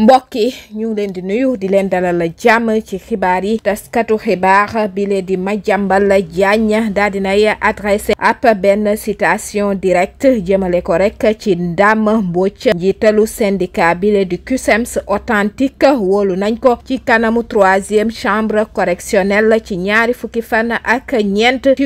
mbokk yi ñu ngi leen di nuyu di leen dalal la jàmm ci xibaar yi taskatu xibaar bi leen la Madiambal Diagne daal dinay adressé ab benn citation directe jëmale ko rek ci Dame Mbodj njiitalu syndicat bi leen di CUSEMS authentique woolu nañ ko ci kanamu troisième chambre correctionnelle ci ñaari fukki fan ak ñeent ci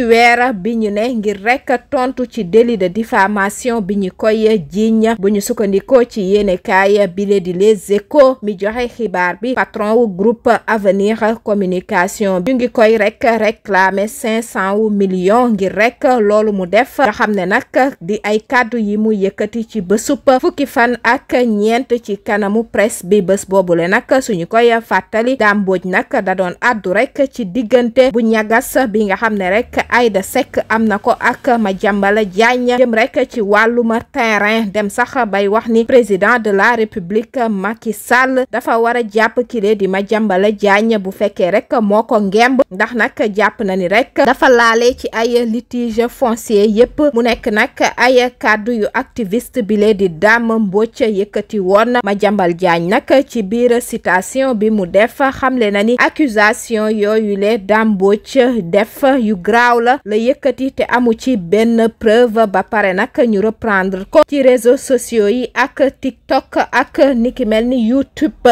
bi ñu ne ngir rek tontu ci délit de diffamation bi ñu koy jiiñ bu ñu sukkandikoo ci yéenekaay bi leen di Les écho mi joxe xibaar bi patron wu groupe avenir communication bi ngi koy rek réclamer cinq cent wu millions ngir rek loolu mu def nga xam ne nag di ay kàddu yi mu yëkkati ci bësupa fukki fan ak ñeent ci kanamu presse bi bés boobule nag suñu koy fàttali Dame Mbodj nag da doon àddu rek ci diggante bu ñagas bi nga xam ne rek Aïda Seck am na ko ak Madiambal Diagne jëm rek ci wàllum terrain dem sax bay wax ni président de la république Macky Sall dafa war a jàpp kile di Madiambal Diagne bu fekkee rek moo ko ngemb ndax nag jàpp na ni rek dafa laale ci ay litige foncier yépp mu nekk nag ay kàddu yu activiste bi lee di Dame Mbodj yëkkati woon ma Madiambal Diagne nag ci biir citation bi mu def xamle na ni accusation yooyu le Dame Mbodj def yu graaw la la yëkkati te amu ci benn preuve ba pare nag ñu reprendre ko ci réseaux sociaux yi ak TikTok ak niki mel ni YouTube